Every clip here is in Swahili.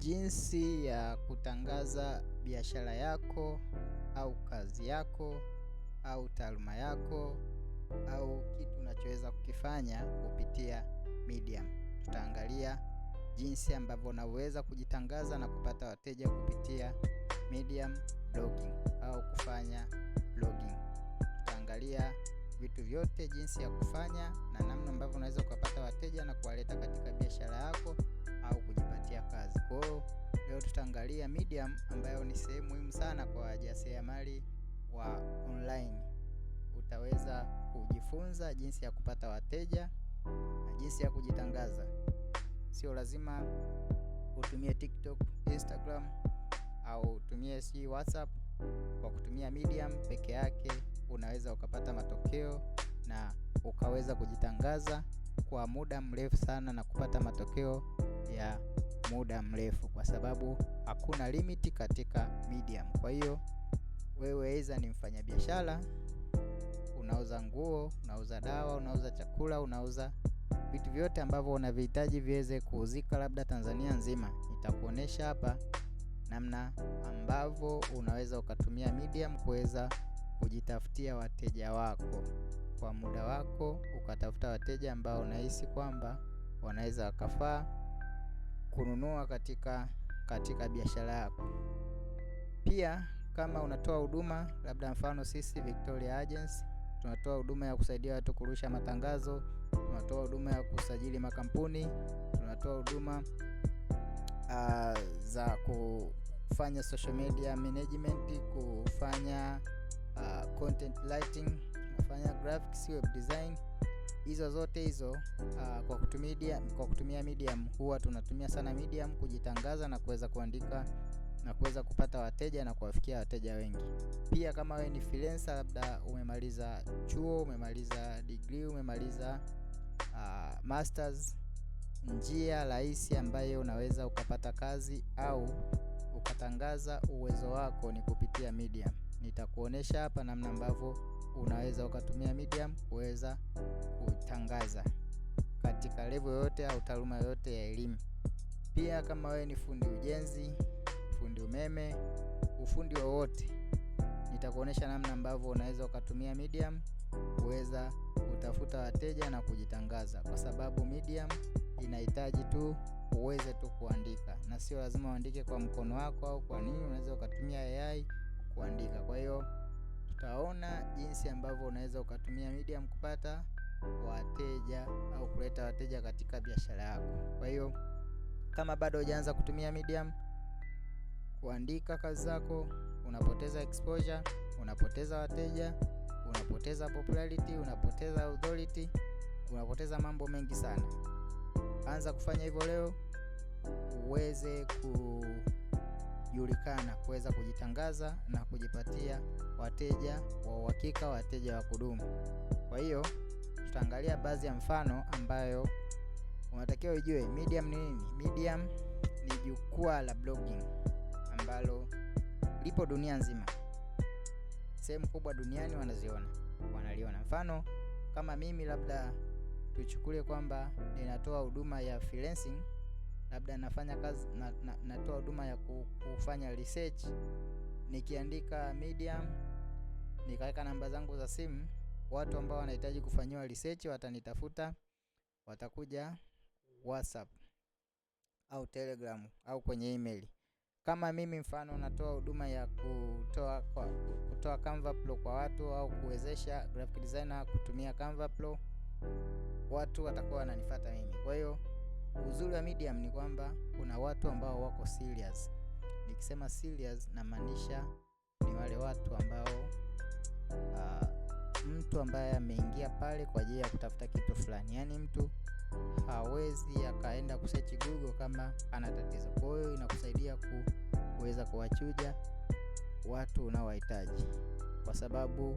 Jinsi ya kutangaza biashara yako au kazi yako au taaluma yako au kitu unachoweza kukifanya kupitia Medium. Tutaangalia jinsi ambavyo unaweza kujitangaza na kupata wateja kupitia Medium blogging au kufanya blogging. Tutaangalia vitu vyote, jinsi ya kufanya na namna ambavyo unaweza ukapata wateja na kuwaleta katika biashara yako au kujitangaza kumpatia kazi. Kwa hiyo leo tutaangalia Medium ambayo ni sehemu muhimu sana kwa wajasiriamali wa online. Utaweza kujifunza jinsi ya kupata wateja na jinsi ya kujitangaza. Sio lazima utumie TikTok, Instagram au utumie si WhatsApp. Kwa kutumia Medium peke yake unaweza ukapata matokeo na ukaweza kujitangaza kwa muda mrefu sana na kupata matokeo ya muda mrefu, kwa sababu hakuna limit katika medium. Kwa hiyo wewe aidha ni mfanyabiashara, unauza nguo, unauza dawa, unauza chakula, unauza vitu vyote ambavyo unavihitaji viweze kuuzika labda Tanzania nzima. Nitakuonesha hapa namna ambavyo unaweza ukatumia medium kuweza kujitafutia wateja wako kwa muda wako, ukatafuta wateja ambao unahisi kwamba wanaweza wakafaa kununua katika, katika biashara yako. Pia kama unatoa huduma labda, mfano sisi Victoria Agency tunatoa huduma ya kusaidia watu kurusha matangazo, tunatoa huduma ya kusajili makampuni, tunatoa huduma uh, za kufanya social media management, kufanya uh, content writing, kufanya graphics, web design hizo zote hizo uh, kwa kutumia, kwa kutumia Medium huwa tunatumia sana Medium kujitangaza na kuweza kuandika na kuweza kupata wateja na kuwafikia wateja wengi. Pia kama wewe ni freelancer, labda umemaliza chuo, umemaliza degree, umemaliza uh, masters, njia rahisi ambayo unaweza ukapata kazi au ukatangaza uwezo wako ni kupitia Medium. Nitakuonesha hapa namna ambavyo unaweza ukatumia Medium kuweza kutangaza katika level yoyote au taaluma yoyote ya elimu. Pia kama wewe ni fundi ujenzi, fundi umeme, ufundi wowote, nitakuonesha namna ambavyo unaweza ukatumia Medium kuweza kutafuta wateja na kujitangaza, kwa sababu Medium inahitaji tu uweze tu kuandika na sio lazima uandike kwa mkono wako au kwa nini. Unaweza ukatumia AI kuandika. Kwa hiyo utaona jinsi ambavyo unaweza ukatumia Medium kupata wateja au kuleta wateja katika biashara yako. Kwa hiyo kama bado hujaanza kutumia Medium, kuandika kazi zako, unapoteza exposure, unapoteza wateja, unapoteza popularity, unapoteza authority, unapoteza mambo mengi sana. Anza kufanya hivyo leo uweze ku kujulikana, kuweza kujitangaza na kujipatia wateja wa uhakika, wateja wa kudumu. Kwa hiyo tutaangalia baadhi ya mfano ambayo unatakiwa ujue Medium ni nini. Medium ni jukwaa la blogging ambalo lipo dunia nzima, sehemu kubwa duniani wanaziona, wanaliona. Mfano kama mimi labda tuchukulie kwamba ninatoa huduma ya freelancing labda nafanya kazi na, na, natoa huduma ya kufanya research, nikiandika Medium nikaweka namba zangu za simu, watu ambao wanahitaji kufanyiwa research watanitafuta, watakuja WhatsApp au Telegram au kwenye email. Kama mimi mfano natoa huduma ya kutoa, kwa, kutoa Canva Pro kwa watu au kuwezesha graphic designer kutumia Canva Pro, watu watakuwa wananifuata mimi, kwa hiyo Uzuri wa medium ni kwamba kuna watu ambao wako serious. Nikisema serious namaanisha ni wale watu ambao uh, mtu ambaye ameingia pale kwa ajili ya kutafuta kitu fulani, yaani mtu hawezi akaenda kusearch Google kama ana tatizo. Kwa hiyo inakusaidia kuweza kuwachuja watu unaowahitaji, kwa sababu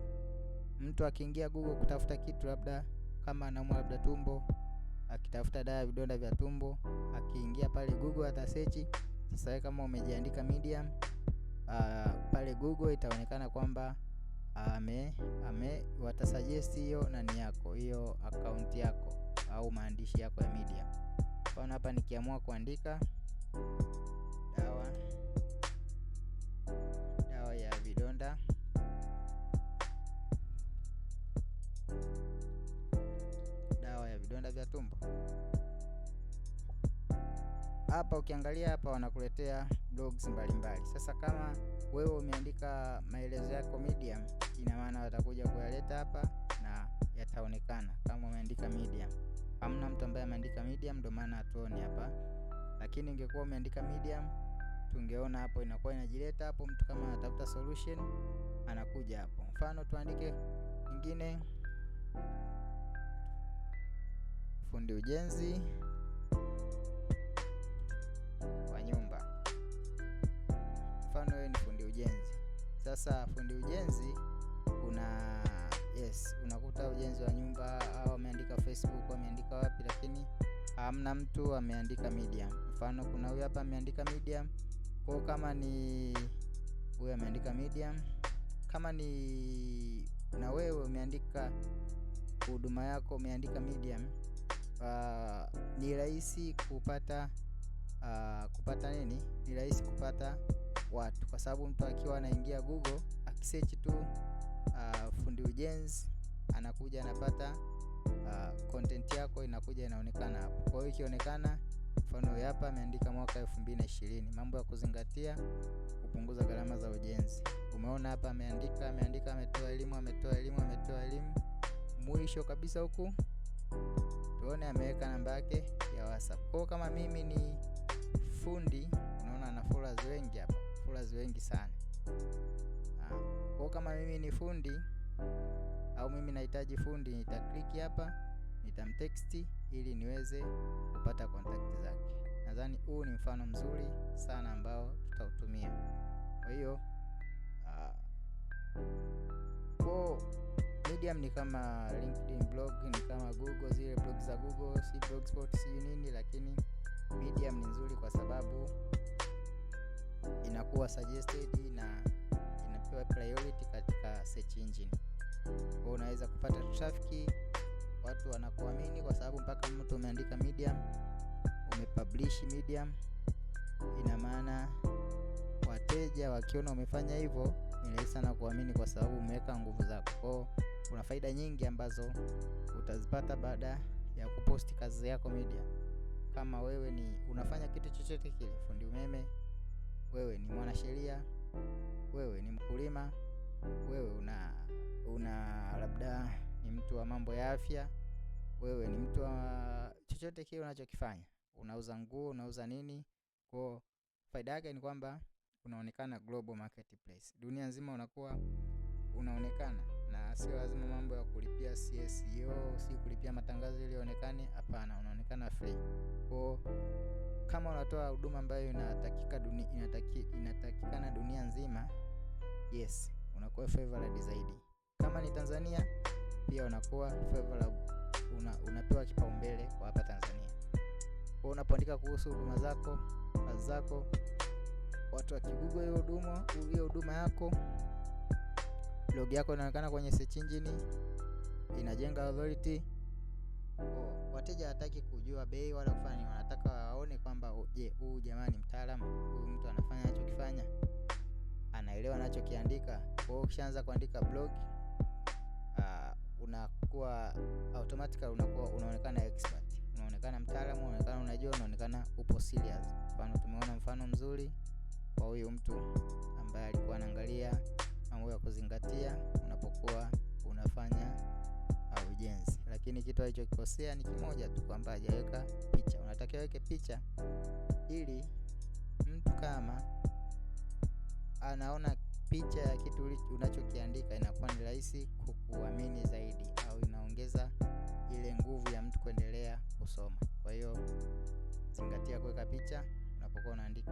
mtu akiingia Google kutafuta kitu labda kama anaumwa labda tumbo akitafuta dawa ya vidonda vya tumbo, akiingia pale Google atasechi. Sasa wewe kama umejiandika Medium uh, pale Google itaonekana kwamba ame ame watasuggest hiyo nani yako hiyo akaunti yako au maandishi yako ya Medium. Kwa hapa nikiamua kuandika tumbo. Hapa ukiangalia hapa wanakuletea blogs mbalimbali. Sasa kama wewe umeandika maelezo yako Medium, ina maana watakuja kuyaleta hapa na yataonekana kama umeandika Medium. Hamna mtu ambaye ameandika Medium, ndio maana hatuoni hapa, lakini ingekuwa umeandika Medium tungeona hapo, inakuwa inajileta hapo. Mtu kama anatafuta solution anakuja hapo. Mfano tuandike nyingine fundi ujenzi wa nyumba. Mfano wewe ni fundi ujenzi. Sasa fundi ujenzi una yes, unakuta ujenzi wa nyumba au ameandika Facebook, ameandika wapi, lakini hamna mtu ameandika Medium. Mfano kuna huyu hapa ameandika Medium. Kwa kama ni huyu ameandika Medium, kama ni na wewe umeandika huduma yako umeandika Medium uh, ni rahisi kupata uh, kupata nini, ni rahisi kupata watu kwa sababu mtu akiwa anaingia Google akisearch tu uh, fundi ujenzi anakuja anapata uh, content yako inakuja inaonekana hapo. Kwa hiyo ikionekana, mfano hapa ameandika mwaka 2020 mambo ya kuzingatia kupunguza gharama za ujenzi. Umeona hapa ameandika ameandika, ametoa elimu ametoa elimu ametoa elimu, mwisho kabisa huku tuone ameweka namba yake ya WhatsApp. Kwa kama mimi ni fundi, unaona ana followers wengi hapa, followers wengi sana. Ah, kwa kama mimi ni fundi au mimi nahitaji fundi, nitakliki hapa, nitamteksti ili niweze kupata contact zake. Nadhani huu ni mfano mzuri sana ambao tutautumia. Kwa hiyo uh, Medium ni kama LinkedIn blog, ni kama Google, zile blog za Google, si blogspot si nini, lakini Medium ni nzuri kwa sababu inakuwa suggested na inapewa priority katika search engine. Kwa unaweza kupata trafiki, watu wanakuamini kwa sababu mpaka mtu umeandika Medium, umepublish Medium, ina maana wateja wakiona umefanya hivyo ni rahisi sana kuamini kwa sababu umeweka nguvu zako. Kwao kuna faida nyingi ambazo utazipata baada ya kuposti kazi yako media. Kama wewe ni unafanya kitu chochote kile, fundi umeme, wewe ni mwanasheria, wewe ni mkulima, wewe una una labda ni mtu wa mambo ya afya, wewe ni mtu wa chochote kile unachokifanya, unauza nguo, unauza nini, kwao faida yake ni kwamba unaonekana global marketplace, dunia nzima unakuwa unaonekana, na sio lazima mambo ya kulipia CSEO, si kulipia matangazo ili ionekane. Hapana, unaonekana free kwa kama unatoa huduma ambayo inatakika dunia, inataki, inatakikana dunia nzima, yes, unakuwa favorable zaidi. Kama ni Tanzania pia unakuwa favorable, una, unapewa kipaumbele kwa hapa Tanzania. Kwa unapoandika kuhusu huduma zako zako watu wakigugo hiyo huduma hiyo huduma yako, log yako inaonekana kwenye search engine, inajenga authority. Wateja hataki kujua bei wala kufanya wanataka waone kwamba je, huu jamaa ni mtaalamu, huyu mtu anafanya anachokifanya, anaelewa anachokiandika. Kwa hiyo ukishaanza kuandika blog uh, unakuwa automatically unakuwa unaonekana expert, unaonekana mtaalamu, unaonekana unajua, unaonekana upo serious. Mfano tumeona mfano mzuri kwa huyu mtu ambaye alikuwa anaangalia mambo ya kuzingatia unapokuwa unafanya uh, ujenzi, lakini kitu alichokikosea ni kimoja tu, kwamba hajaweka picha. Unatakiwa weke picha ili mtu kama anaona picha ya kitu unachokiandika inakuwa ni rahisi kukuamini zaidi, au inaongeza ile nguvu ya mtu kuendelea kusoma. Kwa hiyo zingatia kuweka picha unapokuwa unaandika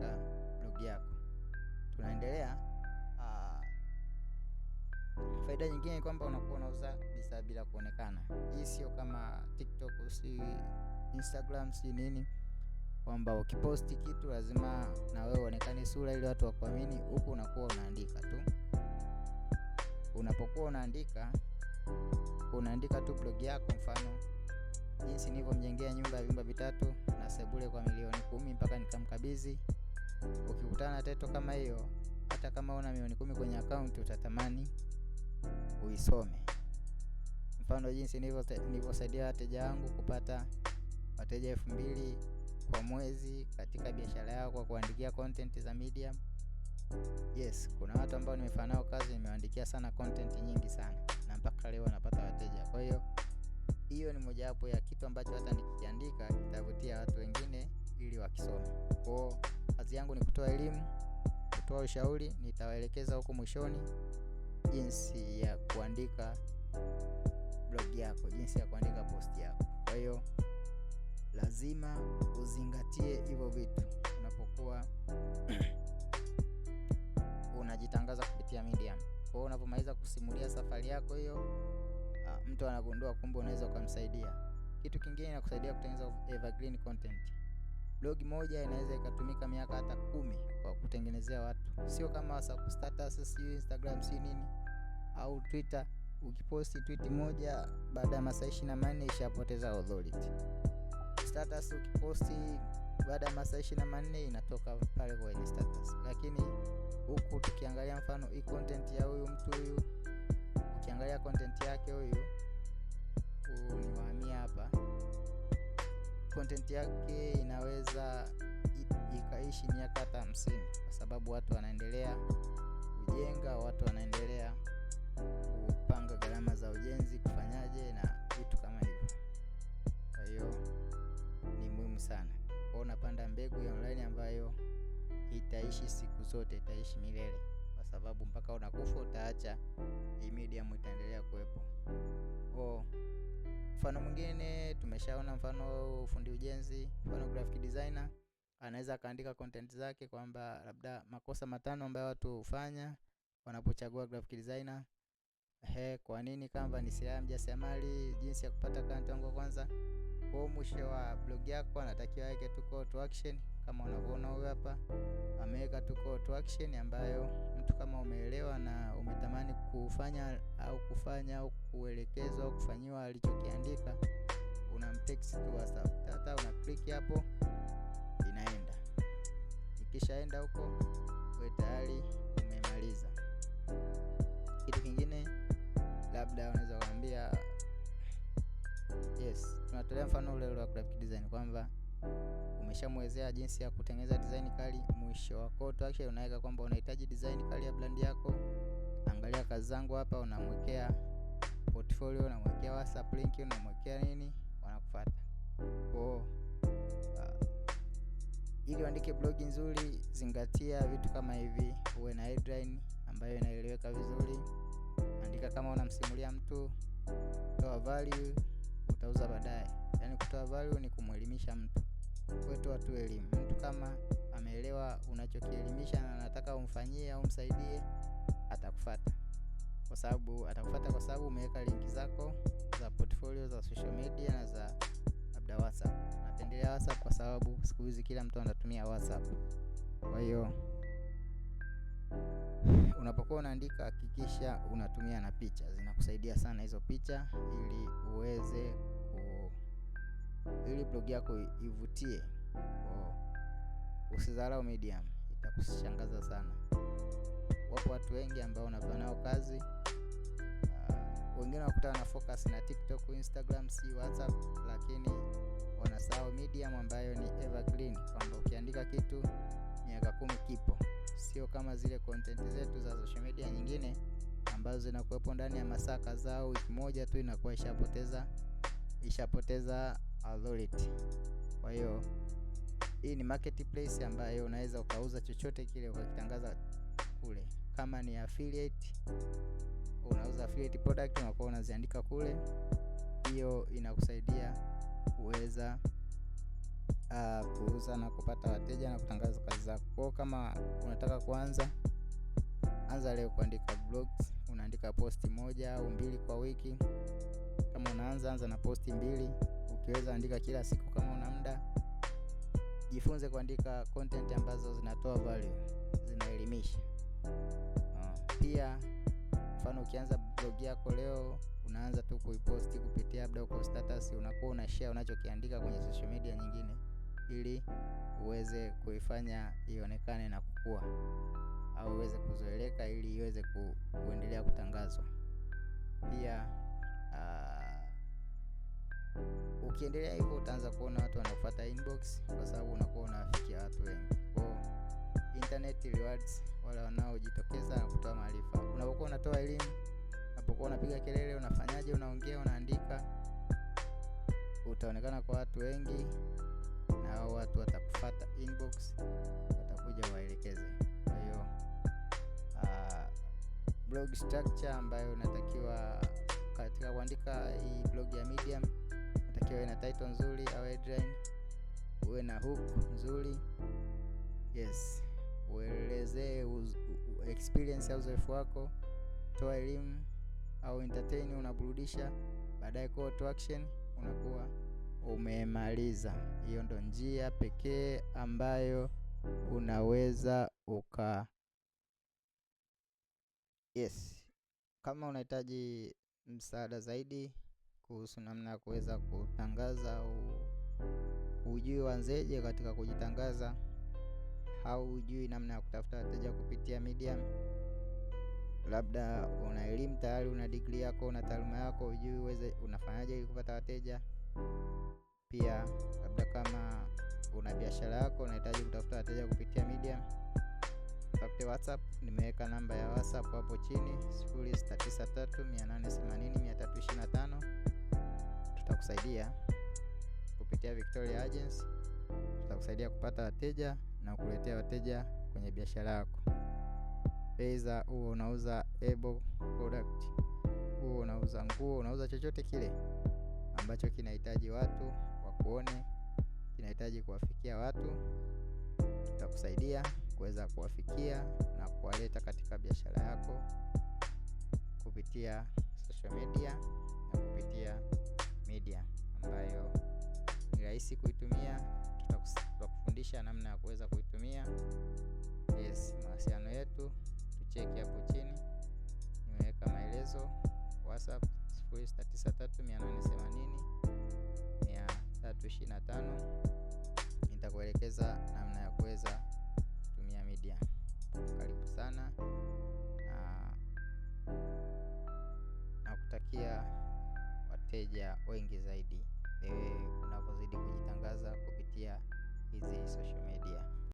blog yako. Tunaendelea. Uh, faida nyingine ni kwamba unakuwa unauza bidhaa bila kuonekana. Hii sio kama TikTok, si Instagram, si nini kwamba ukiposti kitu lazima na wewe uonekane sura ili watu wakuamini. Huku unakuwa unaandika tu, unapokuwa unaandika unaandika tu blog yako, mfano jinsi nilivyomjengea nyumba ya vyumba vitatu na sebule kwa milioni kumi mpaka nika bizi. Ukikutana na title kama hiyo, hata kama una milioni kumi kwenye akaunti utatamani uisome. Mfano jinsi nilivyosaidia wateja wangu kupata wateja elfu mbili kwa mwezi katika biashara yao kwa kuandikia content za Medium. Yes, kuna watu ambao nimefanya nao kazi, nimewaandikia sana content nyingi sana, na mpaka leo napata wateja. Kwa hiyo hiyo ni mojawapo ya kitu ambacho hata nikiandika kitavutia watu wengine ili wakisome. Kwa hiyo kazi yangu ni kutoa elimu, kutoa ushauri. Nitawaelekeza huko mwishoni jinsi ya kuandika blog yako, jinsi ya kuandika post yako. Kwa hiyo lazima uzingatie hivyo vitu unapokuwa unajitangaza kupitia Medium. Kwa hiyo unapomaliza kusimulia safari yako hiyo, ah, mtu anagundua kumbe unaweza ukamsaidia. Kitu kingine inakusaidia kutengeneza evergreen content. Blog moja inaweza ikatumika miaka hata kumi kwa kutengenezea watu, sio kama WhatsApp status, si Instagram, si nini au Twitter. Ukiposti tweet moja baada ya masaa 24 ishapoteza authority. Status ukiposti baada ya masaa 24 inatoka pale kwenye status, lakini huku tukiangalia mfano hii content ya huyu mtu huyu, ukiangalia content yake huyu, niwahamia hapa content yake inaweza ikaishi miaka hata hamsini kwa sababu watu wanaendelea kujenga, watu wanaendelea kupanga gharama za ujenzi kufanyaje na vitu kama hivyo. Kwa hiyo ni muhimu sana kwa unapanda mbegu ya online ambayo itaishi siku zote, itaishi milele, kwa sababu mpaka unakufa utaacha, hii medium itaendelea kuwepo. Mfano mwingine tumeshaona mfano fundi ujenzi, mfano graphic designer anaweza akaandika content zake kwamba labda makosa matano ambayo watu hufanya wanapochagua graphic designer. Ehe, kwa nini kama ni silaha ya mjasiriamali, jinsi ya kupata client wangu kwanza. Kwa mwisho wa blog yako anatakiwa aweke tu call to action, kama unavyoona huyu hapa ameweka tu call to action ambayo mtu kama umeelewa na umetamani kufanya au kufanya au kuelekezwa au kufanyiwa alichokiandika, unamtext tu WhatsApp. Tata una click hapo, inaenda. Ikishaenda huko, wewe tayari umemaliza. Kitu kingine labda unaweza kuambia Yes, tunatolea mfano ule ule wa graphic design kwamba umeshamwezea jinsi ya kutengeneza design kali, mwisho wa call to action unaweka kwamba unahitaji design kali ya brand yako. Angalia kazi zangu hapa, unamwekea portfolio, unamwekea WhatsApp link, unamwekea nini, wanakufuata kwao. Uh, ili uandike blog nzuri, zingatia vitu kama hivi. Uwe na headline ambayo inaeleweka vizuri, andika kama unamsimulia mtu, toa value utauza baadaye. Yaani kutoa value ni kumwelimisha mtu. wetu watu elimu. Mtu kama ameelewa unachokielimisha na anataka umfanyie au umsaidie, atakufata kwa sababu atakufuata kwa sababu umeweka linki zako za portfolio za social media na za labda WhatsApp. Napendelea WhatsApp kwa sababu siku hizi kila mtu anatumia WhatsApp, kwa hiyo Unapokuwa unaandika hakikisha unatumia na picha, zinakusaidia sana hizo picha ili uweze ku, ili blog yako ivutie. Usidharau Medium, itakushangaza sana. Wapo watu wengi ambao unafanya nao kazi uh, wengine wakutana na focus na TikTok, Instagram, si WhatsApp, lakini wanasahau Medium ambayo ni evergreen, kwamba ukiandika kitu miaka kumi kipo sio kama zile content zetu za social media nyingine ambazo zinakuwepo ndani ya masaa kadhaa au wiki moja tu inakuwa ishapoteza ishapoteza authority. Kwa hiyo hii ni marketplace ambayo unaweza ukauza chochote kile ukakitangaza kule. Kama ni affiliate, unauza affiliate product unakuwa unaziandika kule, hiyo inakusaidia kuweza uh, kuuza na kupata wateja na kutangaza kazi zako. Kwa kama unataka kuanza, anza leo kuandika blogs. Unaandika posti moja au mbili kwa wiki. Kama unaanza, anza na posti mbili, ukiweza andika kila siku kama una muda. Jifunze kuandika content ambazo zinatoa value, zinaelimisha. Uh, pia mfano ukianza blog yako leo unaanza tu kuiposti kupitia labda uko status, unakuwa una share unachokiandika kwenye social media nyingine ili uweze kuifanya ionekane na kukua au uweze kuzoeleka ili iweze ku, kuendelea kutangazwa. Pia uh, ukiendelea hivyo utaanza kuona watu wanaofata inbox kwa sababu unakuwa unawafikia watu wengi. Kwa internet rewards, wale wanaojitokeza na kutoa maarifa. Unapokuwa unatoa elimu, unapokuwa unapiga kelele, unafanyaje, unaongea, unaandika, utaonekana kwa watu wengi hao watu watakufata inbox, watakuja waelekeze. Kwa hiyo ah, blog structure ambayo unatakiwa katika kuandika hii blog ya Medium, unatakiwa ina title nzuri au headline, uwe na hook nzuri, yes, uelezee experience au uzoefu wako, toa elimu au entertain, unaburudisha, baadaye call to action unakuwa umemaliza. Hiyo ndo njia pekee ambayo unaweza uka yes. Kama unahitaji msaada zaidi kuhusu namna ya kuweza kutangaza au ujui wanzeje katika kujitangaza, au ujui namna ya kutafuta wateja kupitia Medium, labda una elimu tayari, una degree yako, una taaluma yako, ujui uweze unafanyaje ili kupata wateja pia labda kama una biashara yako unahitaji kutafuta wateja kupitia media, tafute WhatsApp. Nimeweka namba ya WhatsApp hapo chini 0693880325. Tutakusaidia kupitia Victoria agents tutakusaidia kupata wateja na kuletea wateja kwenye biashara yako. Aidha huo unauza able product, huo unauza nguo, unauza chochote kile ambacho kinahitaji watu wakuone, kinahitaji kuwafikia watu, tutakusaidia kuweza kuwafikia na kuwaleta katika biashara yako kupitia social media na kupitia media ambayo ni rahisi kuitumia. Tutakufundisha namna ya kuweza kuitumia. Yes, mawasiliano yetu tucheki hapo chini, nimeweka maelezo WhatsApp sifuri tisa tatu mia nane mia tatu Nitakuelekeza namna ya kuweza kutumia media Karibu sana na nakutakia wateja wengi zaidi wewe unapozidi kujitangaza kupitia hizi social media.